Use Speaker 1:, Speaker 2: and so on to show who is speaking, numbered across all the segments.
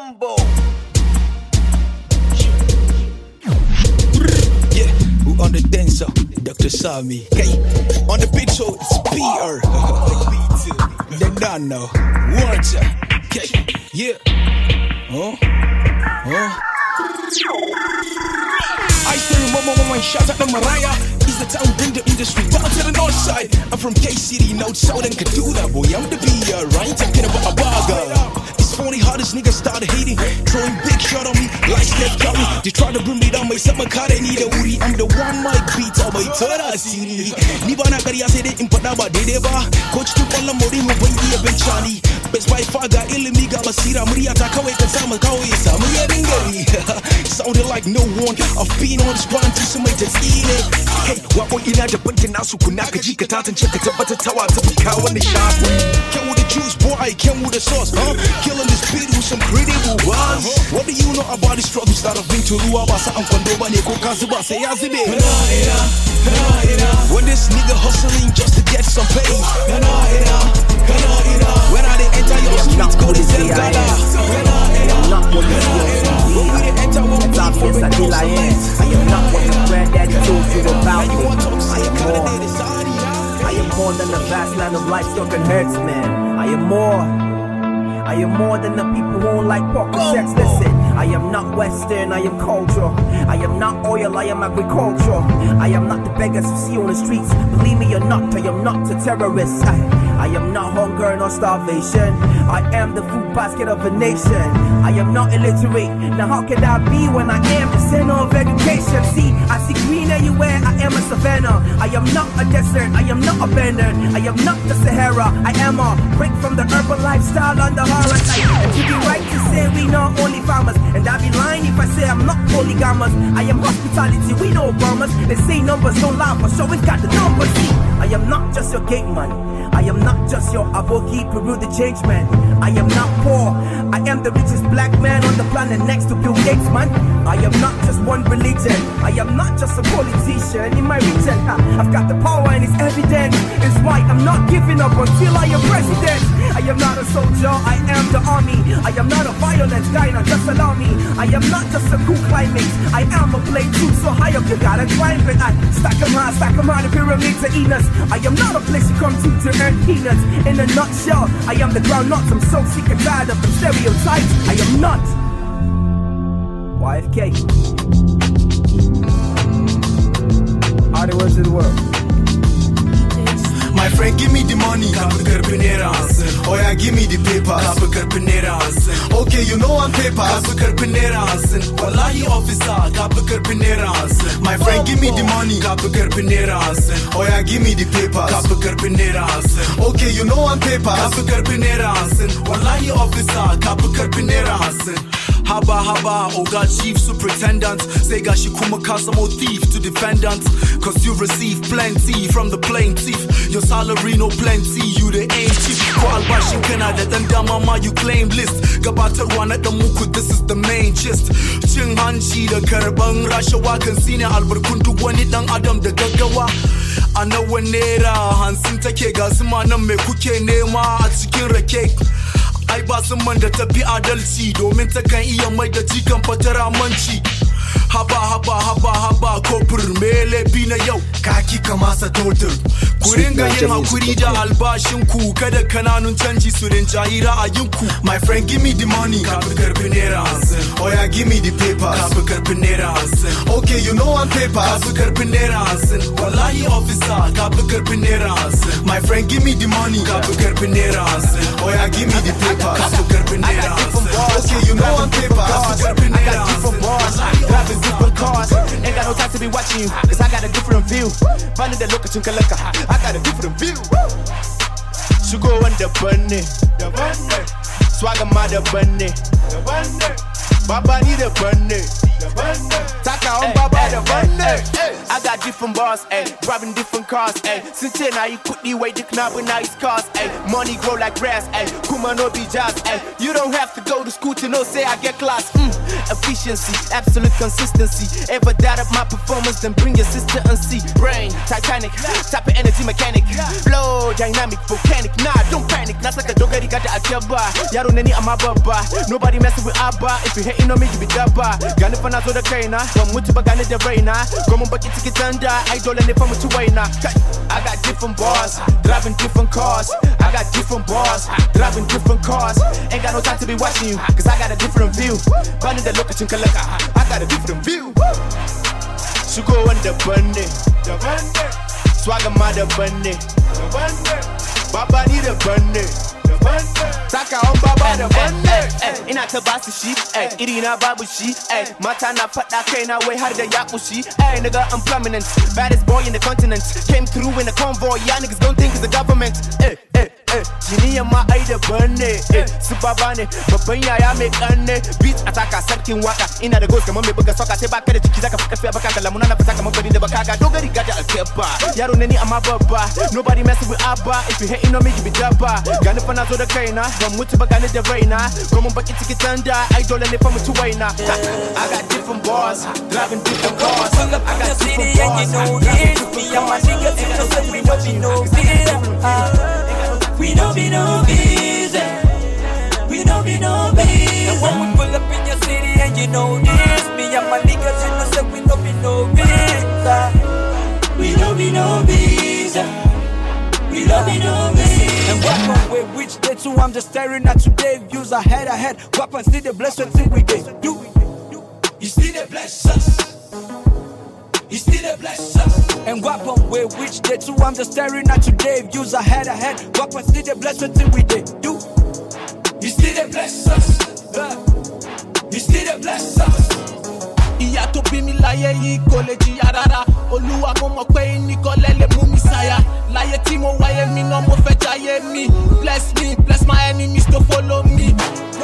Speaker 1: Mambo. Yeah, who on the dancer, Dr. Sami. Hey, on the beat. picture it's Peter. the Nano, water. Okay, yeah. Huh? Huh? I tell you, mama, mama, shout out to Mariah. He's the town bring the industry down to the north side. I'm from K City, now south and Kaduna, boy. I'm the PR, right? Talking about a burger phony, hardest niggas started hating. Throwing big shot on me, like Steph Curry. They try to bring me down, but some car they need a woody. I'm the one mic beat, I'm a third city. Nibana Karia said it in Padaba, Dedeba. Coach to Palamori, who went here, Ben Charlie. Bai ga ilimi ga basira murya ta kawai ta samu kawai samu sounded like no one of being on the grind su mai ta tsine kai waƙoƙi na daban da nasu kuna ka ji ka tatance ka tabbatar tawa ta fi kawo nishaɗi can with the juice boy can with the sauce huh killing this beat with some pretty ones what do you know about the struggles that have been to ruwa ba sa an kwando ba ne ko ka zuba sai ya zube when this nigga hustling just to get some pay when are they enter your street, go the same I am not what you want to be. It's obvious I feel I am. I am not what am not told you about I am more. I am more than the vast
Speaker 2: land of livestock and herdsmen. I am more. I am more than the people who don't like
Speaker 1: pork and sex. Listen, I am not Western, I am culture. I am not oil, I am agriculture. I am not the beggars you see on the streets. Believe me or not, I am not a terrorist. I, I am not hunger nor starvation. I am the food basket of a nation. I am not illiterate. Now how can I be when I am the center of education? See, I
Speaker 2: see green everywhere. I am a savannah. I am not a desert. I am not abandoned. I am not the Sahara. I am a break from the urban lifestyle on the horror And to be right to say we not only farmers. And I'd be lying if I say I'm not polygamous. I am hospitality. We know
Speaker 1: bombers. They say numbers don't lie, but so we've got the numbers. See, I am not just your gate man. I am not not just your aboki, Peru the change man. I am not poor, I am the richest black man on the planet next to Bill Gates, man. I am not just one religion, I am not just a politician in my region. I've got the power and it's evident. It's why I'm not
Speaker 2: giving up until I am president. I am not a soldier, I am the army. I am not a violent guy, not just an army. I am not just a cool climate, I am a play too, so high up you
Speaker 1: gotta climb it. I stack 'em high, stack 'em high, the pyramids are eaters. I am not a place you come to to earn peace peanuts. In a nutshell, I am the ground nuts. I'm so sick and tired of the stereotypes. I
Speaker 2: am not YFK.
Speaker 1: All the words of the world. My friend, give me the money. Kapı kırpı nere ansın? Oya oh give me the papers. Kapı kırpı Okay, you know I'm paper. Kapı kırpı nere officer. Kapı kırpı My friend, give me the money. Kapı kırpı nere ansın? Oya oh give me the papers. Kapı kırpı Okay, you know I'm paper. Kapı kırpı nere officer. Kapı kırpı Haba haba, Oga oh chief superintendent. Sega Shikuma Kasamo thief to defendant. Cause you receive plenty from the plaintiff. Your salary no plenty, you the ain't cheap. Kwalba them the Dandamama you claim list. Gabata at the Muku, this is the main gist. Ching Hanshi, the Karabang Rashawa, Kansina, Albert Kundu, Wanitang Adam, the Gagawa. A nawa naira, Hansin eh, take gas, man, me kuke nema, a chicken rake. ai ba sun man da tafi adalci domin ta kan iya mai da cikan fatara manci haba haba haba haba kofur mele bina yau kaki kamasa totur ku ringa yin hakuri da albashin ku kada kananun canji su ra'ayin ku my friend give me the money kafin karfi naira hansin oh yeah give me the paper kafin karfi naira hansin okay you know I'm paper kafin karfi naira hansin wallahi officer kafin karfi naira hansin my friend give me the money kafin karfi naira hansin oh yeah give me the paper naira hansin you know I'm paper. I got different bars, driving different cars. Ain't got no time to be watching you, cause I got a different view. Bunny the look at you, I got a different view. So go on the the bunny. Swagger my the bunny. The Baba need a bunny. The Taka on Baba the bunny. I got different bars, ayy. Driving different cars, ayy. Since then, I the way to knob with nice cars, ayy. Money grow like grass, ayy. Kuma no be jobs, ayy. You don't have to go to school to know, say I get class. Mm. Efficiency, absolute consistency. Ever doubt of my performance, then bring your sister and see. Brain, Titanic, type of energy mechanic. Flow, dynamic, volcanic. Nah, don't panic. Not like a doggy got the Akeba on any of my baba. Nobody messing with Abba. If you hating on me, you be dabba. Gani fana so the kaina. From mutu bagani the raina. Gomu baki tiki tanda. I don't let it from mutu waina. I got different bars, driving different cars. I got different bars, driving different cars. Ain't got no time to be watching you, cause I got a different view. Bunny the look at you, I got a different view. Sugo go the the bunny. Swagger mother the bunny. Baba need a bunny. Saka on baba da bande ina ta ba su shi iri babu shi mata na faɗa na wai har da ya kushi nigga I'm prominent baddest boy in the continent came through in a convoy ya niggas don't think it's the government ay jiniyan ma ai daban ne su baba ne babban yaya mai kanne beat ataka sarkin waka ina da goals kamar mai buga soka sai baka da jiki zaka fi karfi a baka na fita kamar bari da baka ga dogari ga alkeba yaro ne ni amma babba nobody mess with abba if you hating on me you be dabba gani fa na zo da kaina ban mutu ba gani da raina ko baki ciki tanda ai dole ne fa mutu waina i got different bars driving different cars i got different bars and you know it me and my niggas you know we know we know it
Speaker 2: we don't be no busy. We don't be no busy. And when we pull up in your city and you know this, me and my niggas, you know, say we don't be no busy. We don't be no busy. We don't be no busy. And what way, which day too? I'm just staring at today. Views ahead, ahead. Weapons see the blessings till we get. Do you see the blessings? He still a bless us. And weapon way which day too I'm just staring at today views ahead a head
Speaker 1: ahead. Weapon still a bless us we did do. He still a bless us. he still a bless us. Ìyà tó be me láyé yìí kò lè olúwa mo mọ̀ pé ìníkọ́lẹ́ lè mú mi ṣàyà láyé tí mo wáyé mi náà mo fẹ́ jáyé mi bless me bless my enemies to follow me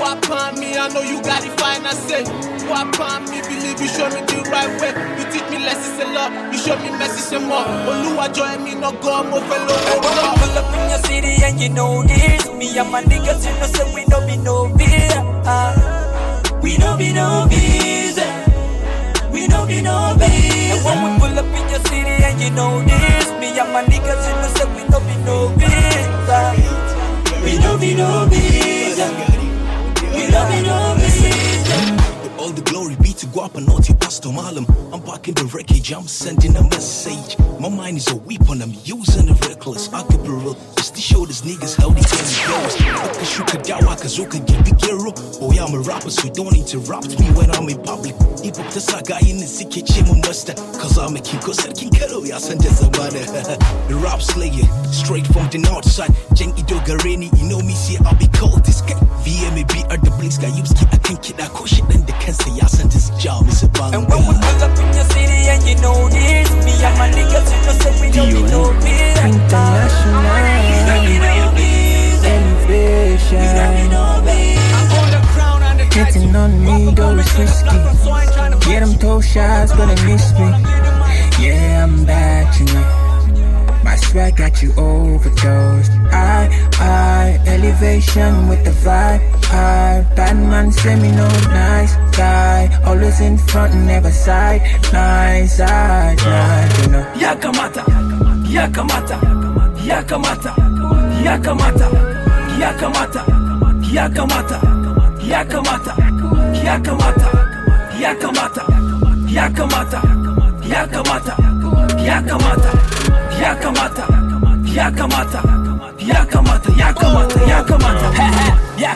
Speaker 1: wapan me i know you got the final say wapan me believe you show me the right way you teach me lessons a lot you show me messages ṣe mọ olúwa jọ ẹ̀mí náà gan mo fẹ́ lówó lọ. Pull up in your city and you know this. Me and my niggas, you know, say we no be no beer. Ah,
Speaker 2: we no be no beer we know they know And when we pull up in your city and you know this, me and my niggas in the set, we know we know
Speaker 1: this. We know we know this. We know we know this all the glory be to Guapanoti Pastor Malam. I'm back in the wreckage, I'm sending a message. My mind is a weapon, I'm using it reckless. I could be real, just to show these niggas how they can goes. Akashuka get big gibigero. Boy, oh, I'm a rapper, so don't interrupt me when I'm in public. Hip hop the saga in the sick my master. Cause I'm a king, cause I can king, away, I send as a The rap slayer, straight from the north side. Jen Ido Gareni, you know me, see, I'll be called this guy. VMAB are the blinks, guy, you I can not I call shit, in the can see I said this job is a And when we pull up in your city and you know this, me and my niggas, you know, say we don't need International, you Elevation, you need no beer. on me, though it's risky. Get them toe shots, but they miss me. Yeah, I'm back tonight. I swear I got you overdosed. I, I, elevation with the vibe. I, bad man say me no nice guy. Always in front, never side. Nice, I, nice, you know. Yakamata. Yakamata, Yakamata, Yakamata, Yakamata, Yakamata, Yakamata, Yakamata, Yakamata, Yakamata, Yakamata, Yakamata, Yakamata. Yakamata, Yakamata, Yakamata,
Speaker 2: Yakamata, Yakamata. Yakamata ya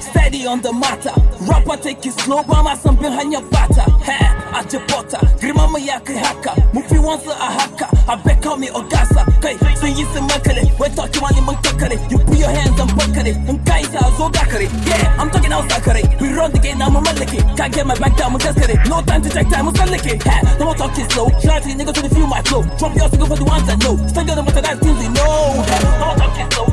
Speaker 2: steady on the matter
Speaker 1: rapper take it slow ba ma san bin hanyar bata he a jibota girman mu ya kai haka mu fi wansu a haka a beka mai ogasa kai sun yi sun makale wai talking money
Speaker 2: mun you put your hands on bakare and kai ta zo dakare yeah i'm talking out dakare we run
Speaker 1: the game I'm now mu mallake can't get my back down I'm mu kaskare no time to check time I'm sallake he no more talking slow try to the nigga to the feel my flow drop your single for the ones I know stand on the matter that's things we know no more talking slow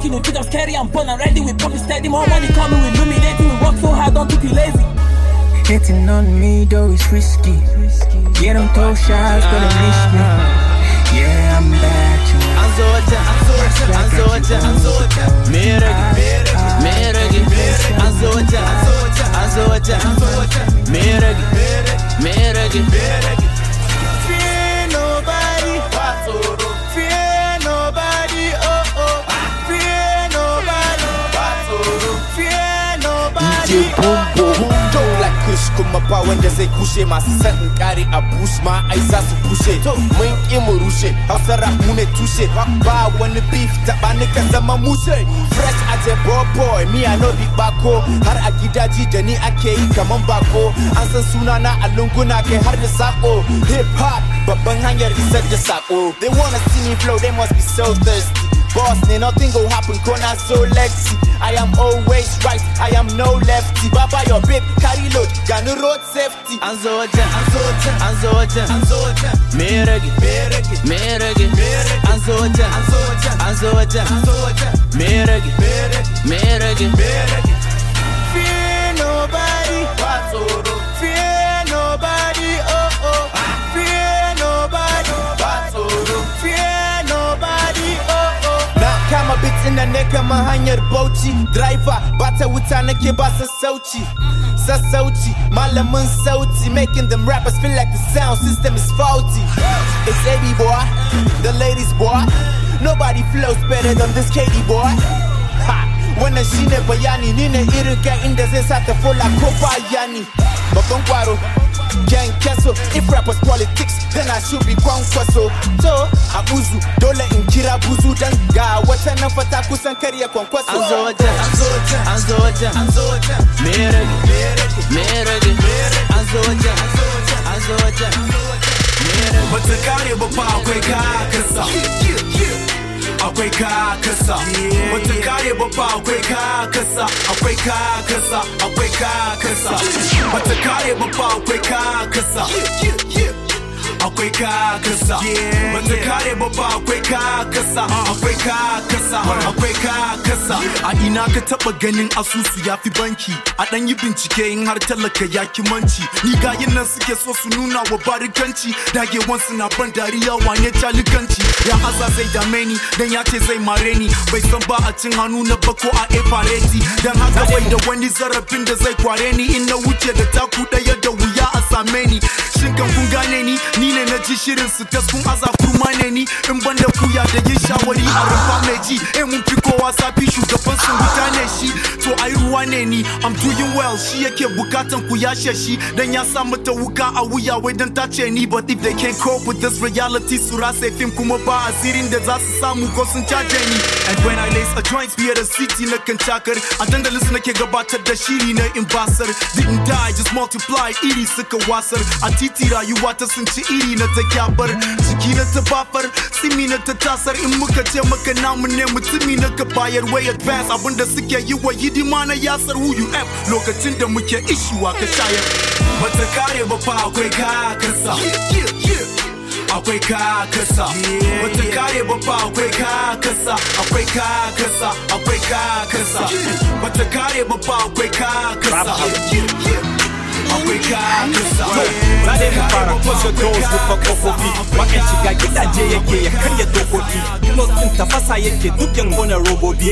Speaker 1: making me feel scary. I'm born and ready. We pump steady. More money coming. We illuminating. We work so hard. Don't be lazy. Getting on me though is risky. Yeah, them toe shots gonna miss me. Yeah, I'm back. Anzoja, Anzoja, Anzoja, Anzoja. Miragi, Miragi, Anzoja, Anzoja, Anzoja, Miragi, Miragi, Miragi. deal boom boom Don't like power kuma ba wanda zai kushe masu san in kare a bush ma ai za su kushe mun ki mu rushe hausar rap mu ne tushe when the beef taba ni ka zama mushe fresh as a boy boy me I no big bako har a gidaji da ni ake yi kaman bako an san suna na a lunguna kai har da sako hip hop babban hanyar isar da sako they wanna see me flow they must be so thirsty boss, nay nothing go happen, corner so lefty. I am always right, I am no lefty. Baba your babe, carry load, got no road safety. And so jam, and so jam, and so jam, and so jam. Merege, merege, merege, merege. Me so jam, and so jam, and so jam, and so jam. Merege, merege, merege, merege. Sina neka ma hanyar bauchi Driver bata wuta nake ba sassauci Sassauci malamin sauti Making them rappers feel like the sound system is faulty It's AB boy, the ladies boy Nobody flows better than this Katie boy wannan shine bayani ni ne irin ga inda zai sa ta fola ko bayani babban kwaro Gang Castle. If rap was politics, then I should be Kwan Kwaso. So, Abuzu, Dole in Kira Buzu, then Ga, what's an Afata Kusan Karia Kwan Kwaso? I'm Zoja, I'm Zoja, I'm Zoja, I'm Zoja, Mereg, Mereg, I'm Zoja, I'm Zoja, Mereg. But the Kari Bapa, quick, I can akwai I wata up, babba akwai kakasa akwai kakasa akwai kakasa wata wake babba akwai I. akwai kakasa wata kare ba ba akwai kakasa ah. akwai kakasa akwai kakasa a ina ka taba ganin asusu ya fi banki a dan yi bincike in har talaka ya manci. ni gayin nan suke so su nuna wa barikanci dagewan na ban dariya wane calikanci ya haza zai dame ni dan ya ce zai mare ni bai san ba a cin hannu na bako a efareti dan haka bai da wani zarafin da zai kware ni in na wuce da taku daya da wuya na su taskun aza in ban da kuya da yin shawari a rufa mun fi kowa safi shugaban sun wuta ne shi to ai ruwa ne ni i'm doing well shi yake bukatan ku yashe shi dan ya sa mata wuka a wuya wai dan ta ce ni but if they can't cope with this reality su rasa fim kuma ba asirin da za su samu ko sun caje ni and when i lace a joint beer city in the cakar a dandalin su nake gabatar da shiri na in basar didn't die just multiply iri suka wasar a titi rayuwa ta sun ci iri na ta kyabar ciki na ta bafar simi na ta tasar in muka ce maka namu ne mutumi na ka bayar way advance abinda suke yi wa hidima na yasar UUF lokacin da muke ishiwa ka shayar bata kare ba fa akwai kakarsa akwai kakasa bata kare fa akwai kakasa akwai kakasa akwai kakasa bata kare fa akwai kakasa Na daina fara fasa goals rufe kofofi Wakan shiga gidaje yake ya karya dokoki Close ɗin tafasa yake duk yan gona robobi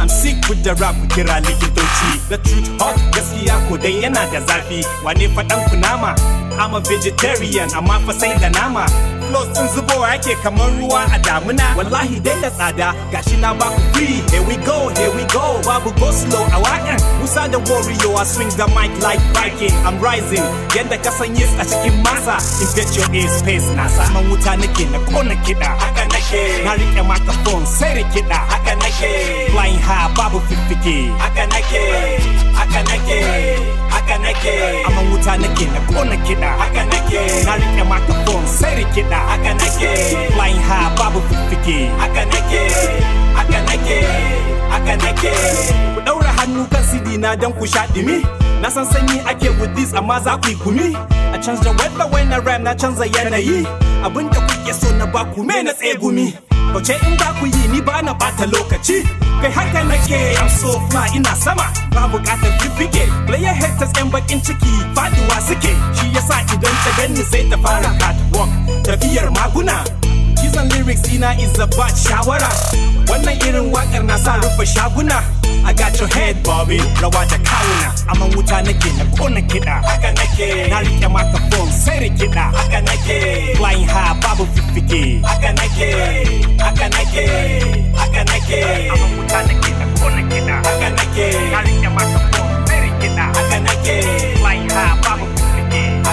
Speaker 1: I'm sick with the rap kira likitoci The truth hot gaskiya ko dan yana da zafi Wane faɗan kunama I'm a vegetarian amma fasai da nama I sun zubo yake kamar ruwa a damuna wallahi I da tsada gashi na ba free here we go here we go babu go slow i waƙan musa the warrior I swing the mic like biking. I'm rising yanda ka san yes a cikin massa. in your ear space na saman wuta nake na kona kiɗa haka nake na microphone sai rikiɗa haka nake flying high babu fiffike haka nake haka haka nake aman wuta nake na kona kiɗa haka nake na riƙe microphone sai rikida haka nake flying high babu fiffike haka nake haka nake haka nake ku ɗaura hannu kan CD na dan ku sha ɗumi na san sanyi ake with this amma za ku yi gumi. a canza weather when na rhyme na canza yanayi abinda kuke so na baku me na tsegumi Bace in da ku yi ni ba na bata lokaci. Kai haka nake am so fly ina sama ba bukatar fiffike. Player haters yan bakin ciki faduwa suke. Shi yasa idan ta ganni sai ta fara catwalk. Tafiyar maguna. Kisan lyrics ina is bad shawara. irin wakar na sa rufe shaguna I got your head Bobby rawa da kawuna amma wuta nake na kona kiɗa haka nake na rike microphone sai rikida haka nake flying high babu fiffike haka nake haka nake haka nake amma wuta nake na kona kiɗa haka nake na rike microphone sai rikida haka nake flying high babu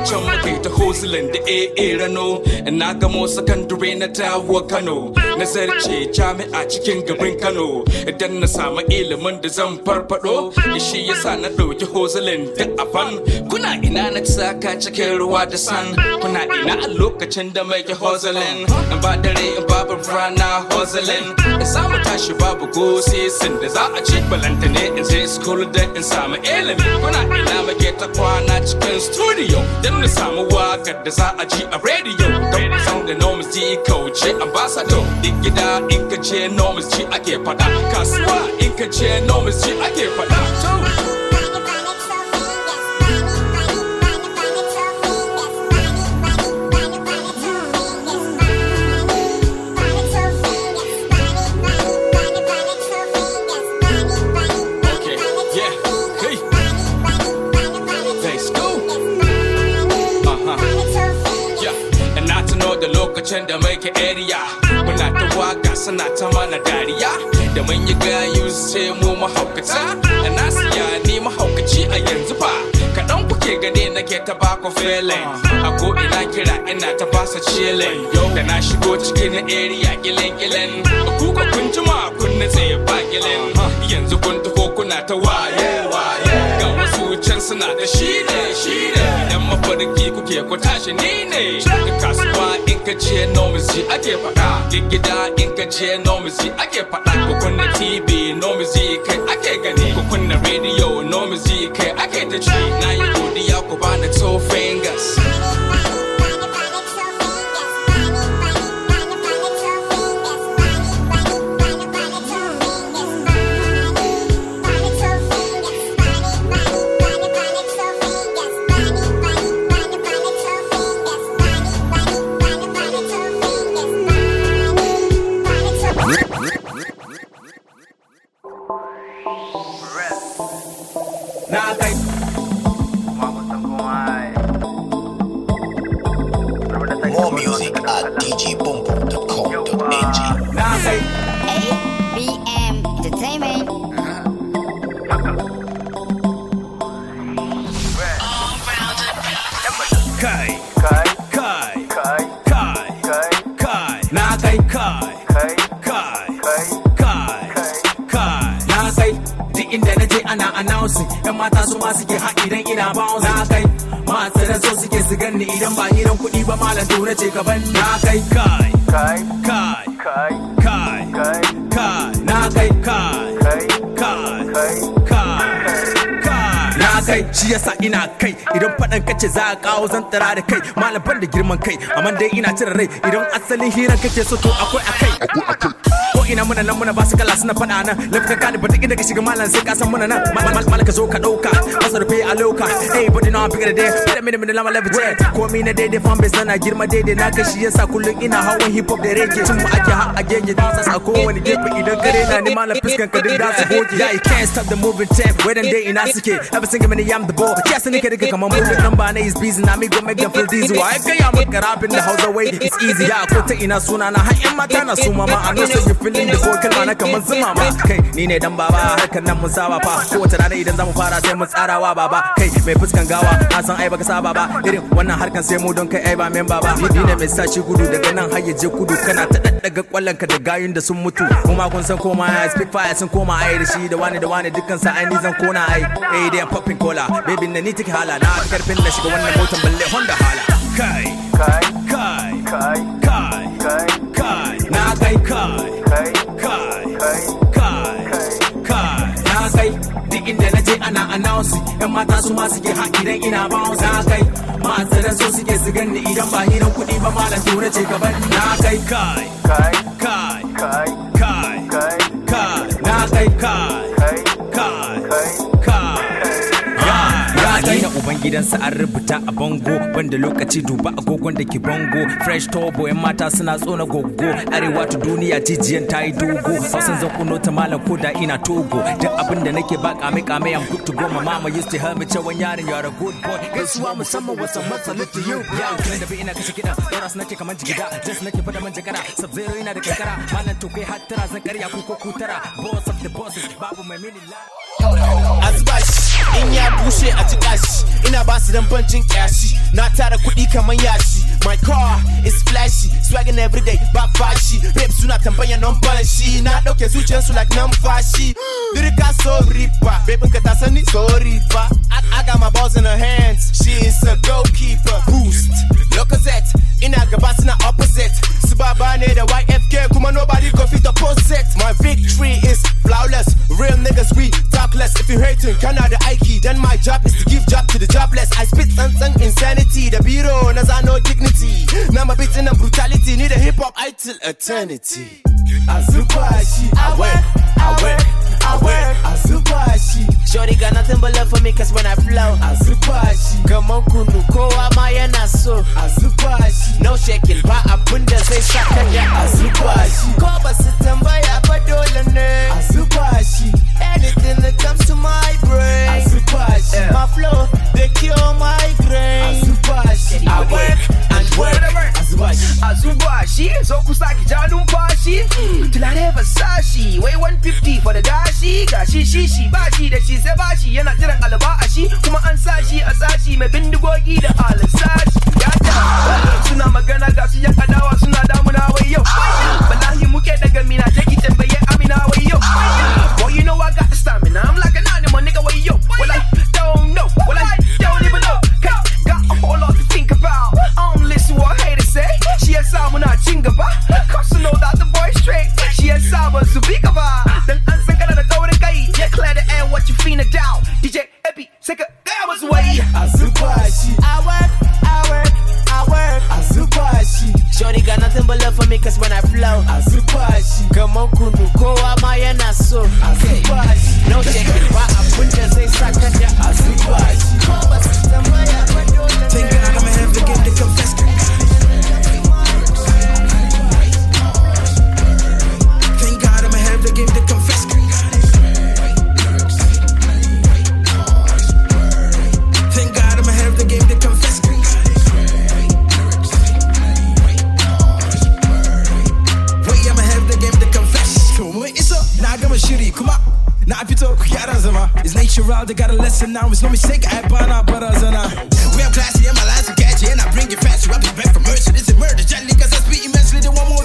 Speaker 3: daga can muka ta hosilin da Rano na gamo sakandare na tawo Kano na zarce jami'a cikin gabin Kano idan na samu ilimin da zan farfado shi yasa na ɗauki hosilin da afan kuna ina na saka cikin ruwa da san kuna ina a lokacin da mai hosilin in ba dare in babu rana hosilin in samu tashi babu gosisin da za a ci balanta ne in je school da in samu ilimi kuna ina muke ta kwana cikin studio da Sun na samu wakar da za a ji a rediyo don san da nomis ji kauce ambassador din gida in ka ce nomis ji ake fada kasuwa in ka ce nomis ji ake faɗa. ta yau da na shigo cikin area kilen kilen kuka kun jima kun natse ba kilen yanzu kun tufo kuna ta waye waye ga wasu can suna da shine shine idan mafarki kuke ku tashi ni ne da kasuwa in ka ce nomizi ake faɗa gida in ka ce nomizi ake faɗa ku kunna tv nomizi kai ake gani ku kunna radio nomizi kai ake ta ci na yi godiya ku bani two fingers
Speaker 1: ce za a kawo zan tara da kai malaban da girman kai amma dai ina cire rai idan asalin hirar kake so to akwai akai ko ina muna nan muna ba su kala suna faɗa nan lafi ka da bata inda ka shiga malam sai ka san muna nan malaka zo ka ɗauka masarfe a low car hey body na bigger day kada mini mini lama levitate I get my day, fan bai sana girma daidai na kashi yasa kullun ina hawan hip hop da reggae tun mu ake har a gege ta sa ko wani gefe idan kare na ni malam fiskan ka din da su goge yeah you can't stop the moving tap where them day ina suke ever single mini yam the ball yes ni kare kaman bullet number na is busy na mi go make them feel dizzy why ga ya maka in the house away it's easy ya ko ta ina suna na har yan mata na su mama i know so you feeling the boy kalma i kaman zuma ma kai ni ne dan baba not nan mun saba fa ko ta rana kai mai fuskan gawa a san ai baka saba ba irin wannan harkan sai mu don kai ai ba men ba ni ne mai sashi gudu daga nan har ya je kudu kana ta daddaga kwallon ka da gayun da sun mutu kuma kun san koma na speak fire sun koma ai da shi da wani da wani dukkan sa ai ni zan kona ai eh dai popping cola baby na ni take hala na karfin da shiga wannan motan balle Honda hala kai kai kai kai kai kai na kai
Speaker 2: kai kai kai kai kai
Speaker 1: na kai duk inda na je ana announce yan mata su ma suke haƙi idan ina bounce na kai ma'azaran so suke su ganni idan ba ni kuɗi ba malam tura ce gaban na kai kai kai kai
Speaker 3: kai kai kai na kai kai kai kai kai Ni na uban gidansa an rubuta a bango banda lokaci duba agogon da ke bango fresh turbo yan mata suna tsona goggo arewa ta duniya jijiyan ta yi dogo hausan zan kuno ta malam ko da ina togo duk abin da nake ba kame kame am good to go my mama used to help me cewa yarin you are good boy gaisuwa musamman wasan masa to you
Speaker 1: ya kan da bi ina kashe kidan dora su nake kaman jigida just nake fada man jakara sub zero ina da kankara malam to kai har tara zan karya ku ko kutara boss of the bosses babu mai mini la in ya bushe a tikashi ina ba su dan bancin kyashi na tara kuɗi kamar yashi my car is flashy swagging every day ba fashi rap suna tambaya non fashi na dauke zuciyar su like nan fashi lirika hmm. so ripa babe ka ta sani so ripa I, I got my balls in her hands she is a goalkeeper boost Look at that in Ina gabasina opposite. need the YFK, kuma nobody go fit opposite. My victory is flawless. Real niggas, we talkless. If you hate hating, Canada key, then my job is to give job to the jobless. I spit something insanity. The bureau, I no dignity. Now my in and brutality. Need a hip hop, I till eternity. she, I work, I work, I work, she, Shorty got nothing but love for me, cause when I flow, she Come on, Kunu, Koa, Maya, Naso, she naushe ba abun da zai saka da a zuba shi ko ba su tambaya ba dole a zuba shi anything that comes to my brain a zuba shi my flow they cure migraine a zuba shi I work and work a zuba shi a zuba shi so ku hmm. sashi wai 150 for the gashi gashi shishi bashi, ba shi da shi sai ba shi yana jiran alba a shi kuma an sa shi a sashi mai bindigogi da alin sashi ya ta ah suna magana ga su yan adawa suna damuna wai yau balahi muke daga mina take tambaye amina wai yau boy you know i got the stamina i'm like eso. Así, noche so ħjarazama It's natural, they gotta listen now It's no mistake, I burn out barazana We are classy and my lines are catchy And I bring it fast, you I be back for mercy This is murder, jelly cause I speak immensely They want more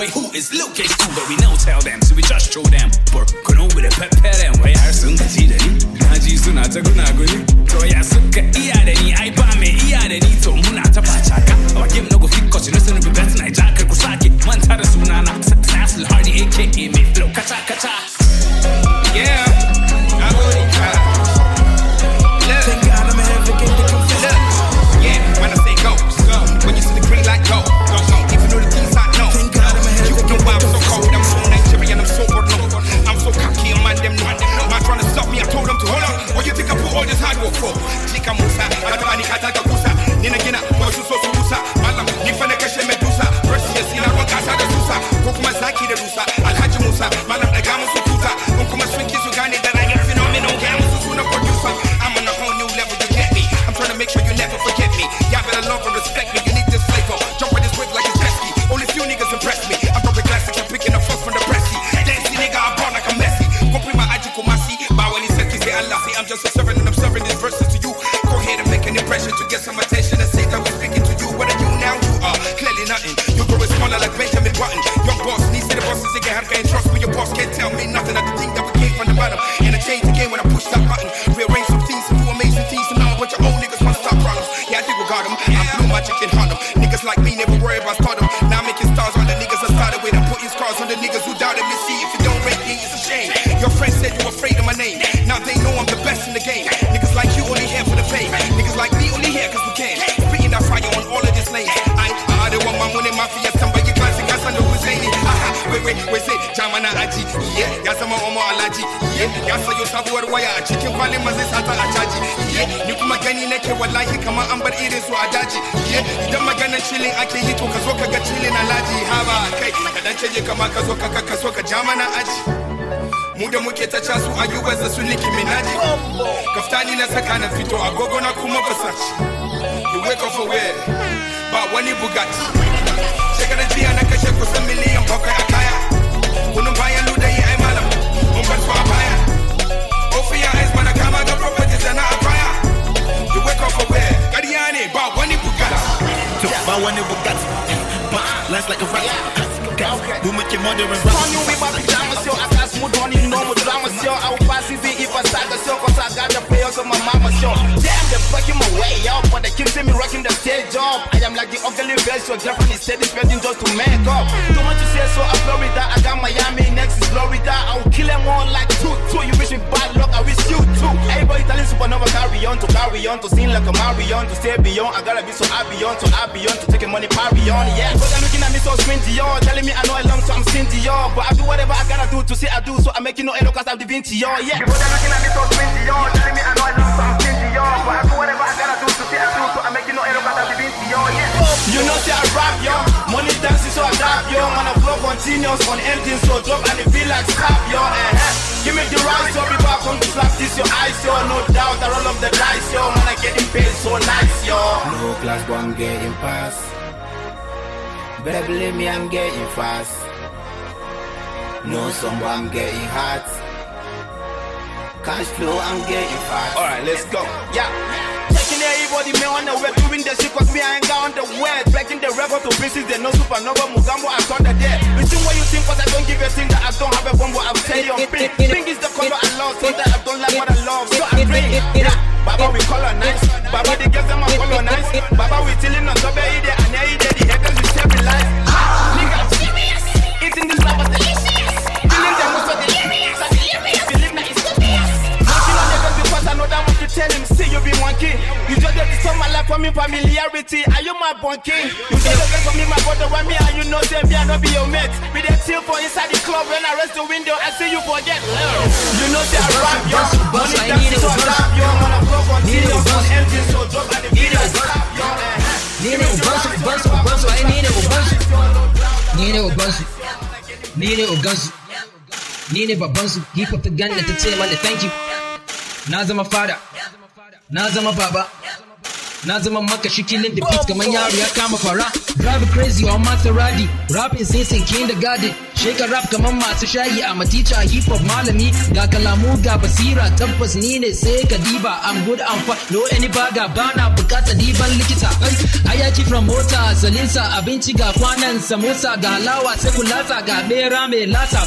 Speaker 3: way. Who is Lucas?
Speaker 1: mana aji iye ya zama omo alaji iye ya sayo sabuwar waya a cikin kwalin ma zai sata a caji iye ni kuma gani nake wallahi kamar an bar irin su a daji iye idan maganar cilin ake yi to ka zo ka ga cilin alaji ba kai ka dan canje kama ka zo ka ka zo ka ja mana aji mu da muke ta su a za su niki minaji kaftani na saka na fito agogo na kuma basaci you wake up where ba wani bugatti shekarar jiya na kashe kusan miliyan bakwai ba wani bugatti. Ba wani bugatti. Last like a rat. Boom, make your mother and brother. Tell you we about pajamas, yo, I got I'm mudhoni ndinomudlama sio awupasisi ipasaka sio kosagata peyo so mama sio damn they breaking my way up but they keep seeing me rocking the stage up I am like the ugly verse so girlfriend is steady spending just to make up don't want to say so I'm Florida I got Miami next is Florida I will kill them all like two two you wish me bad luck I wish you too everybody telling supernova carry on to carry on to sing like a Marion to stay beyond I gotta be so happy on to happy on to take money parry on yeah but they're looking at me so squinty you telling me I know I long so I'm stingy you but I do whatever I gotta do to see I do do, so I make you no know, cause I'm Da Vinci, yo, yeah. People they looking at me so squinty, yo. Telling me I know I look so stingy, yo. But I do whatever I gotta do to see I do, so I make you no know, cause I'm Da Vinci, yo, yeah. Oh, you know say I rap, yo. Money dancing, so I rap, yo. Man, I flow continuous on empty, so drop and it feel like scrap, yo. Uh-huh. Give me the rice, yo. Before I come to slap this, your eyes, yo. No doubt, I roll up the dice, yo. Man, I getting paid so nice, yo. No class, but I'm getting past. Better believe me, I'm getting fast. No summer, I'm getting hot. Cash flow, I'm getting fat. Alright, let's go. Yeah. Checking everybody, me on the web, doing the shit, cause me I ain't got on the web. Breaking the record to pieces, they no supernova, Mugambo, I saw the dead. Listen what you think, cause I don't give a thing that I don't have a bomb, but I'm telling you, I'm big. Pink is the color I love, so that I don't like what I love, so I drink. Yeah. Baba, we nice. Baba, the girls, them are nice. Baba, we chilling on top of it, and they, the haters, we stabilize. tell him, see you be monkey. You just don't disturb my life for me familiarity. Are you my bunkie? You just do for me my brother when me and you know them, me I not be your mate. Be the till for inside the club when I rest the window, I see you forget. You know they are rap, yo. Money them so rap, yo. Man, I'm broke on TV, on empty, so drop at the video, rap, yo. Need it, bust it, bust it, bust it. I need it, bust it.
Speaker 2: Need it, bust it.
Speaker 1: Need it, bust it. Need it, but bust it. Keep up the gun at the tail, I thank you. Nas, I'm a father. na zama baba na zama maka shikilin da fit kamar yaro ya kama fara drive crazy on maserati rapping sai sai kindergarten sheka rap kamar masu shayi a matica hip hop malami ga kalamu ga basira tabbas ni ne sai ka diba i'm good i'm fine no any baga bana bukata diban likita ayaki from mota salinsa abinci ga kwanan samosa ga lawa sai kulasa ga bera mai lasa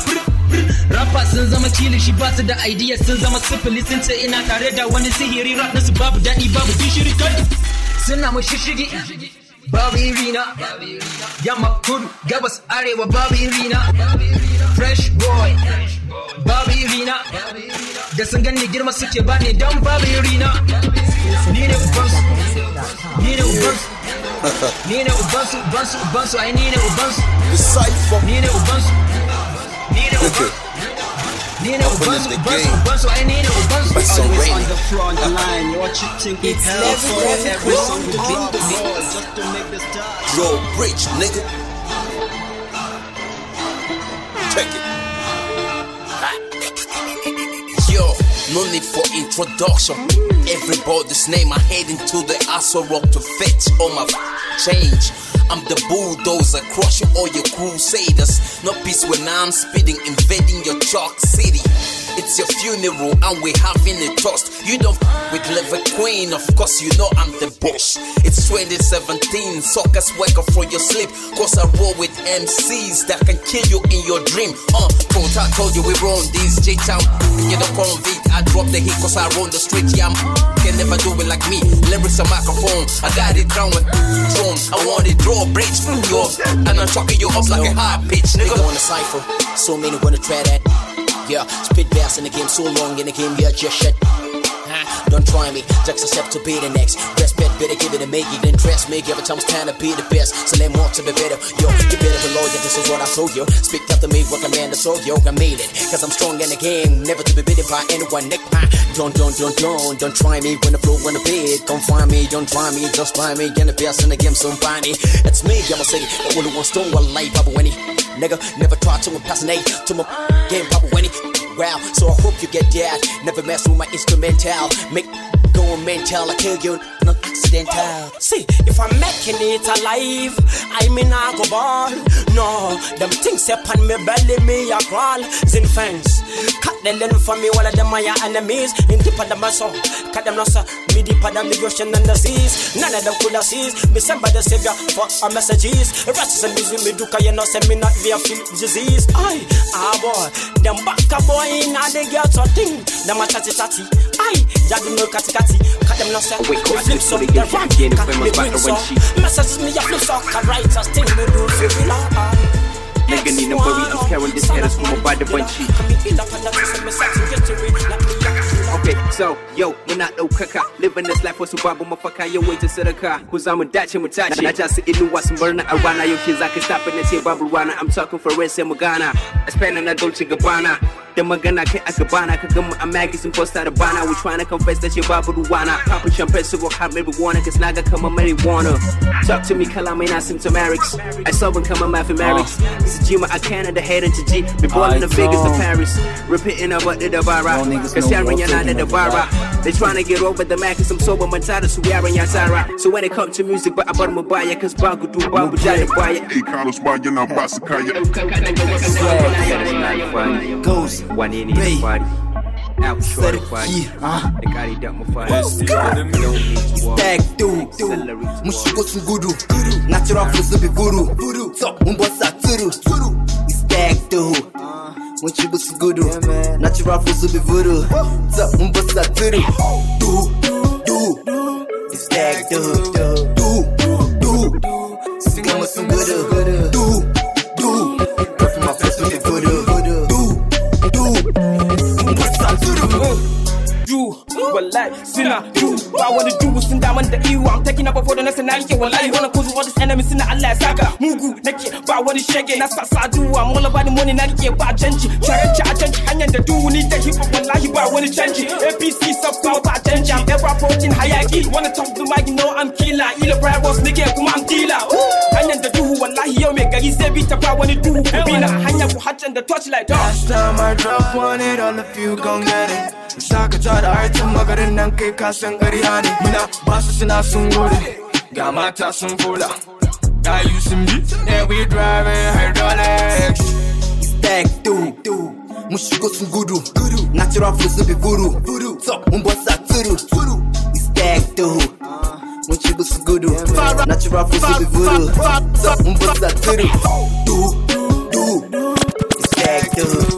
Speaker 1: Rapper sun zama kilishi ba su da idea sun zama sifili sun ce ina tare da wani sihiri rap nasu babu daɗi babu gishiri kai suna mu shishigi babu irina yamma kudu gabas arewa babu irina
Speaker 2: fresh boy
Speaker 1: babu irina da sun ganni girma suke ba ne don babu irina ni ne ubansu ni ne ubansu ni ne ubansu ubansu ubansu ai ni ne ubansu ni ne ubansu Need it with Need it with I always on the front line. You're Just to make rich, nigga. Take it. Yo, no need for introduction. Everybody's name I head into the asshole rock to fetch all my change. I'm the bulldozer, crushing all your crusaders. No peace when I'm speeding, invading your chalk city. It's your funeral and we're having a toast. You don't f- with Lever Queen, of course you know I'm the boss. It's 2017, suckers wake up from your sleep. Cause I roll with MCs that can kill you in your dream. Uh, Colt, I told you we run this J Town. You don't beat, I drop the heat cause I run the street. Yeah, I'm can never do it like me. Lyrics and microphone, I got it down with drone. I want it draw a bridge from yours. And I'm talking you up like a high pitch. Nigga, want a cipher, so many wanna try that yeah. Spit bass in the game so long in the game, yeah, just shit. Don't try me, just accept to be the next. Respect, better give it and make it. Then trust me, every time it's time to be the best. So let more to be better. Yo, you better be loyal, this is what I told you. Speak up to me, what man to show you. I made it, cause I'm strong in the game. Never to be beaten by anyone, neck pie. Don't, don't, don't, don't, don't try me when the flow, when the beat. Come find me, don't try me, just find me. Get the best in the game, somebody. It's me, I'ma say, the only one stone, I life, Papa Winnie. Nigga, never try to impersonate to my game, Papa Winnie wow. So I hope you get that. Never mess with my instrumental. Make going mental, I kill you, no accidental. See, if I'm making it alive, I mean I go ball. No, them things upon me belly, me a crawl. Zin fence, cut the limb for me, while of them are your enemies. In deeper than my soul, cut them loss, me deeper than the ocean and the seas. None of them could have seized me, send by the savior for our messages. is a music, me do, cause you know, send me not via disease. I, ah boy, them back a boy in the ghetto thing, them a chatty chatty. I, jadi me katika party. Cause them not say, we flip so the rock, cause we bring so. Messages me, a flip so, cause righteous thing we do, feel we love. Nigga need no worry, I'm carrying this head as my body bunchy. Okay, so, yo, we're not no kaka. Living this life for survival, motherfucker, your way to Seneca. because I'm a Dutch and Mutachi. Najasa Inu was Murna, Awana, your kids, I can stop in the Babarwana. I'm talking for Red Samagana. I spend on that Dolce Gabbana. I da magana kai aka bana ka gamu a magazine poster da bana we trying to confess that you babu ruwana popping champagne so I'll hot marijuana cause come kama marijuana talk to me call kalamai na marix. I saw one when kama mathematics ah. this is Jima I can't the head into G me born in the biggest of Paris repeating about the Dabara cause Sharon you're not the Dabara they trying to get over the Mac cause I'm sober my title so we are in Yasara so when it comes to music but I bought my buyer cause bagu do bagu jaya buyer Hey Carlos Bayer now Basakaya
Speaker 3: Ghost 180 party. Out go. party. The guy that my father.
Speaker 1: Tag dude. Mushiko Suguru. Natural for the Buru. Buru. Top Mumbasa Turu. Turu. It's tag dude. Ah. Mushiko Suguru. Natural for the Buru. Top Mumbasa Turu. Do. Do. It's tag dude. like sinner. You what I wanna do is send down da iwa I'm taking up for the next and I can Wanna cause all this enemies in the Allah saka Mugu nake wanna shege it. That's what I'm all about the money na nake ba canji Tare cha canji hanyar da duhu ni da hip hop wallahi ba wani canji APC sub ba ba canji I'm ever approaching hayaki Wanna talk to mic you know I'm killer Ila nigga, come on, kuma I'm dealer Hanyar da duhu wallahi I wanna do. i ta ba wani duhu up hanyar ku hatan da torchlight Last time I dropped one hit on the few gon' get it Saka try to hide to magarin nan kai ka san gari not muna basu suna sun gode ga mata sun fola I using beat and we driving hydraulics Stack two, two. Mun shigo sun gudu Natural flows no be voodoo Talk mun bossa turu Stack two mun shigo to gudu Natural flows no be voodoo Talk mun bossa turu Du, It's Stack two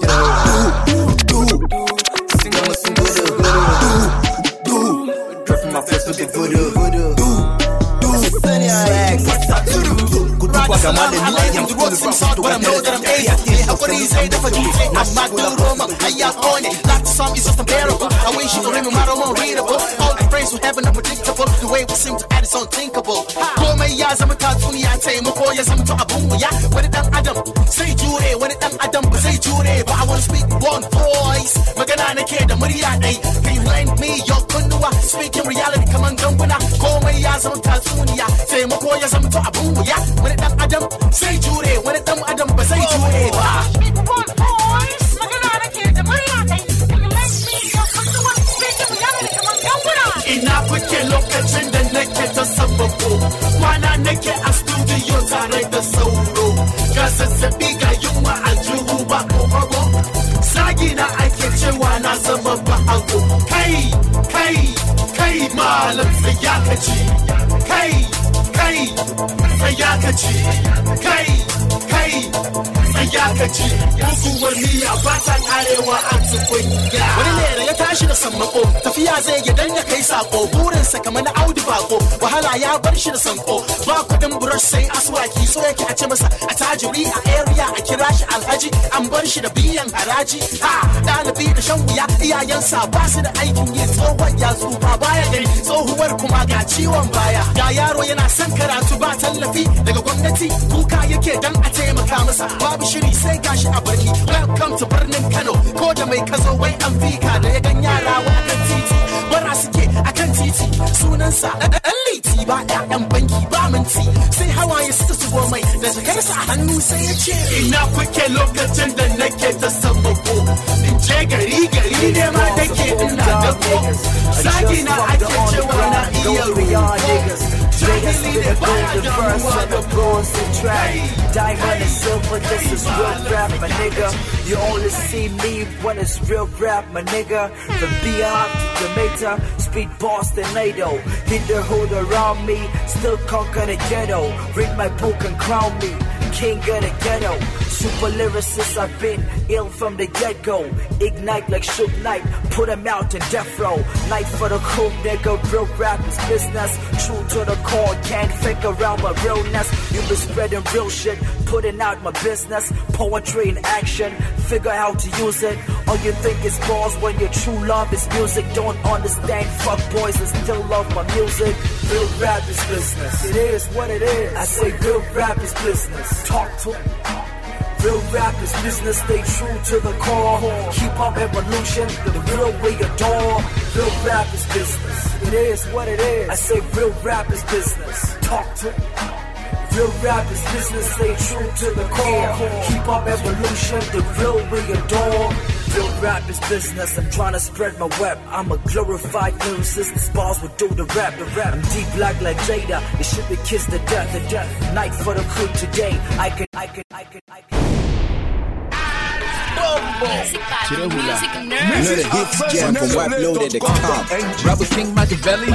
Speaker 1: But I know that I'm able. What do you say aid for you. I'm mad to Roma. I am on it. That some is just unbearable. I wish you could remember my own readable. All the friends we have are unpredictable. The way we seem to add is unthinkable. Go my eyes, I'm a cartoon. I tell you, my boy, I'm to a boom. Yeah, when it done, Adam. Say Jude, when it done, Adam. But say Jude, but I want to speak one voice. Magana Keda, Maria, can you lend me your kunua? Speaking reality, come on, don't win. Go my eyes, I'm a cartoon. Yeah, say my boy, I'm to a boom. Yeah. violence say yakachi kai kai say yakachi kai yayi tsaya ka ji muguwar niyya ba ta karewa a ya wani lera ya tashi da sammako tafiya zai ya danna kai sako burinsa kamar na audu bako wahala ya bar shi da sanko ba kudin brush sai aswaki so yake a ci masa a tajiri a area a kira shi alhaji an bar shi da biyan haraji ha ɗalibi da shan wuya iyayensa ba su da aikin yi tsohon ya tsufa baya gari tsohuwar kuma ga ciwon baya ga yaro yana son karatu ba tallafi daga gwamnati kuka yake dan a taimaka taimaka masa babu shiri sai gashi a birni welcome to birnin Kano ko da mai kazo wai an fika da ya gan yara wai akan titi bara suke akan titi sunansa ɗan eh, eh, eh, liti ba ɗayan banki ba minti sai hawaye suka zubo mai da jakarsa a hannu sai ya ce ina kuke lokacin da nake ta sammako in je gari gari ne ma take ina dako
Speaker 2: zagina ake cewa na iya ruwa Vegas to the golden verse of the bronze track. Diamond and silver, this is real rap, my nigga. You only see me when it's real rap, my nigga. From beyond to Jamaica, speed Boston, NATO. Hit the hood around me, still conquer the ghetto. Read my book and crown me king of the ghetto. Super lyricist, I've been ill from the get go. Ignite like Shook Knight, put him out in death row. Night for the cool nigga, real rap is business. True to the core, can't fake around my realness. You been spreading real shit, putting out my business. Poetry in action, figure out to use it. All you think is balls when your true love is music. Don't understand fuck boys and still love my music. Real rap is business. It is what it is. I say real rap is business. Talk to Real rappers, business, stay true to the core. Keep up evolution, the real way adore. Real rappers, business, it is what it is. I say real rappers, business, talk to Real is business, stay true to the core. Keep up evolution, the real way adore. Real rap is business, I'm trying to spread my web. I'm a glorified lyricist, the spars will do the rap, the rap. I'm deep black like Jada, it should be kissed to death, The death. Night for the crew today, I can, I can, I can, I can.
Speaker 1: Music, Chira hula. Another hits jam from Wap Loaded the Cop. Robert King Machiavelli.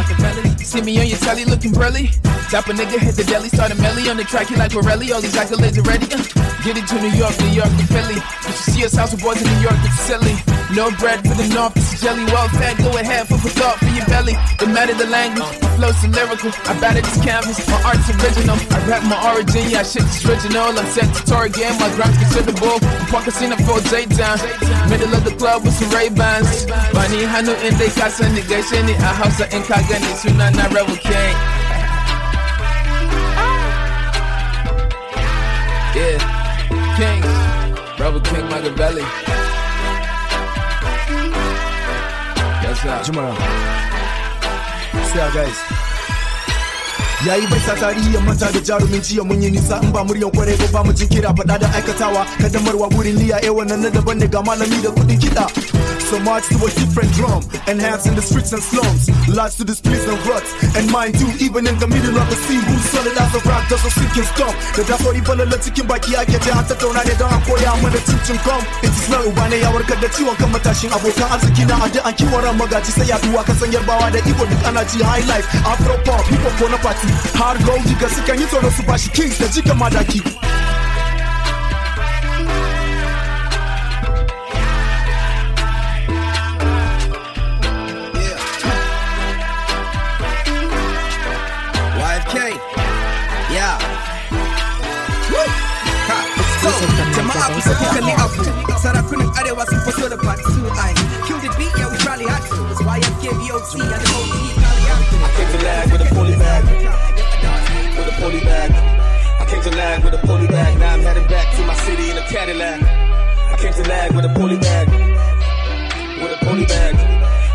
Speaker 1: See me on your telly looking burly. Top a nigga hit the deli, start a melee on the track, he like Pirelli. All these accolades are ready. Uh. get it to New York, New York to Philly. But you see us house of boys in New York, it's silly. No bread for the North, jelly, well fed, go ahead, food for thought for your belly. The matter the language, the flow so lyrical. I batter this canvas, my art's original. I rap my origin, yeah, shit is original. I'm set to tour again, my grind's considerable. Park casino for J Town. Middle of the club with some Ray Bans. Bunny Hanu in the casa, nigga, I house in Kagani, Suna, not Rebel King. Yeah, King, Rebel King Machiavelli. De manhã. yayi bai sa tarihi maza da jarumin jiya mun yi nisa in ba muryan kwarai ko ba mu jin kira faɗa da aikatawa kadamarwa gurin niyya liya eh, wannan na daban ne ga malami da kuɗin kiɗa So march to a different drum and halves in the streets and slums. Lives to displease and ruts. And mind you, even in the middle of the sea, who's solid as a rock doesn't sink and stump. The that's what even a little kin by Kia get your answer down and down for ya when the teaching come. It is not one hour cut that you are come attaching abokan arziki na ada an kiwara magaji I do. ka san yarbawa da igbo duk with energy, high life afro pop people for ko na party har gold diga sukan yi us. su bashi kings da jika madaki.
Speaker 3: Okay. Yeah.
Speaker 2: So, to my jama'a kusa kuka ni abu Sarakunan arewa sun fito da part 2 I killed the beat, yeah we probably had to It's why I'm KBOC and the OG probably I
Speaker 1: came to lag with a poly bag With a poly bag I came to lag with a poly bag Now I'm headed back to my city in a Cadillac I came to lag with a poly bag With a poly bag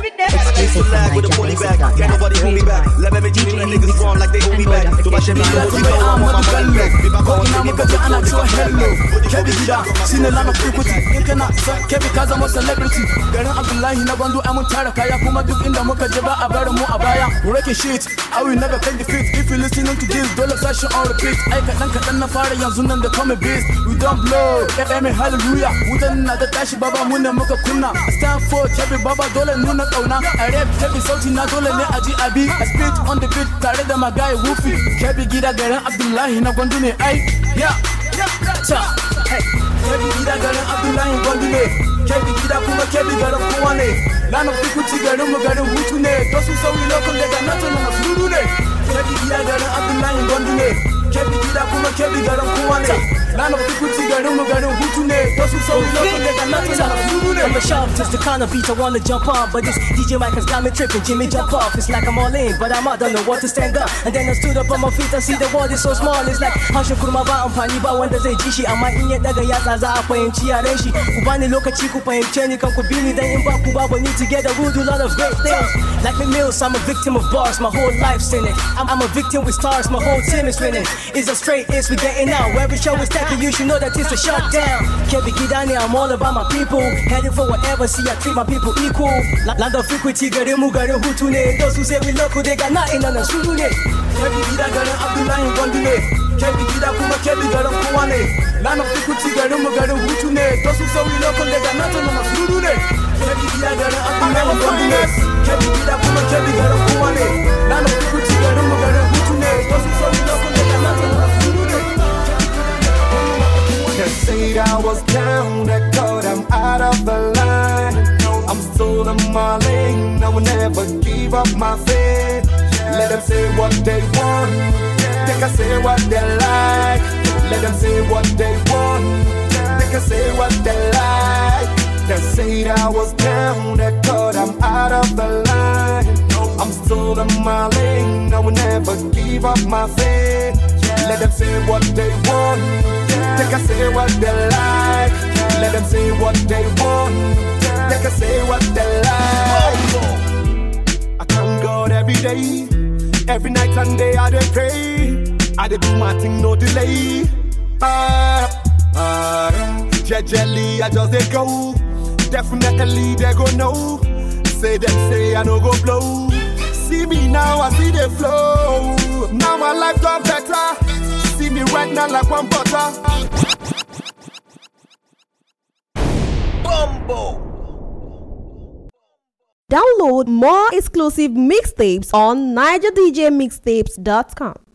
Speaker 2: mess with them. It's so
Speaker 1: lag with a bully back. Can't nobody hold me back. Love every dream and niggas wrong like they hold me back. So I should be low. You know I'm on the gun low. Kogi na maka jana to a hello. Kebi gida, seen a lot of frequency. Kinka na son kebi kaza mo celebrity. Garin Abdullahi na gwandu amun tara kaya kuma duk inda muka je ba a bar mu a baya. Wrekin shit, I will never take defeat. If you listening to this, dole session on repeat. Ai kaɗan kaɗan na fara yanzu nan da coming beast. We don't blow, FM hallelujah. Wutan na da tashi baba mu ne muka kunna. Stand for kebi baba dole nuna kauna a rap rabi sauti na dole ne a ji abi I spit on the beat tare da magaye wufi kebi gira garin Abdullah, na gwandu ne yeah, cha. ta kebi gira garin abdullahi gwandu ne kebi gira kuma kebi garin kowa ne lana kukuci garin mu garin hutu ne to su sauyi lokacin daga nato na masu ne kebi gira garin abdullahi gwandu ne kebi gira kuma kebi garin kowa ne Line up ikuti garin garin hutu ne wasu sauri lokacin da
Speaker 2: lafiya hutu ne. I'm a sharp, just the kind of beat I wanna jump on, but this DJ Mike has got me tripping. Jimmy jump off, it's like I'm all in, but I'm out, don't know what to stand up. And then I stood up on my feet, I see the world is so small, it's like harshen kurma ba amfani ba wanda zai ji shi amma in ya daga yatsa za a fahimci yaren shi. Ku bani lokaci ku fahimce ni kan ku bi ni dan in ba ku babu ni together we'll do a lot of great things. Like me Mills, I'm a victim of bars, my whole life's in it. I'm, I'm a victim with stars, my whole team is winning. It's a straight, it's we getting out. Every show is happy, you should know that it's a shutdown. Kebikidani, I'm all about my people. Heading for whatever, see, I treat my people equal. Land of equity, Garemu, Garu Hutune.
Speaker 1: Those who say we local, they got nothing on us. Kebikida, Garu Abdullah, Gondune. kebikida kuma kebigaro kuwane lana fikutigaru mugaru hutune tosuso wiloko lega nato na masurune kebikida garu akumelo gondune kebikida kuma never give up my faith. Let them say what they want. They can say what they like. Let them say what they want. They can say what they like. They said I was down, they thought I'm out of the line. I'm still in my lane, I will never give up my faith. Let them say what they want, they can say what they like. Let them say what they want, they can say what they like every day. Every night and day I dey pray. I dey do my thing, no delay. Ah, ah, jelly, I just dey go. Definitely they go know. Say them say I no go blow. See me now, I see the flow. Now my life done better. See me right now like one butter.
Speaker 2: Bumble. Download more exclusive mixtapes on nigerdjmixtapes.com.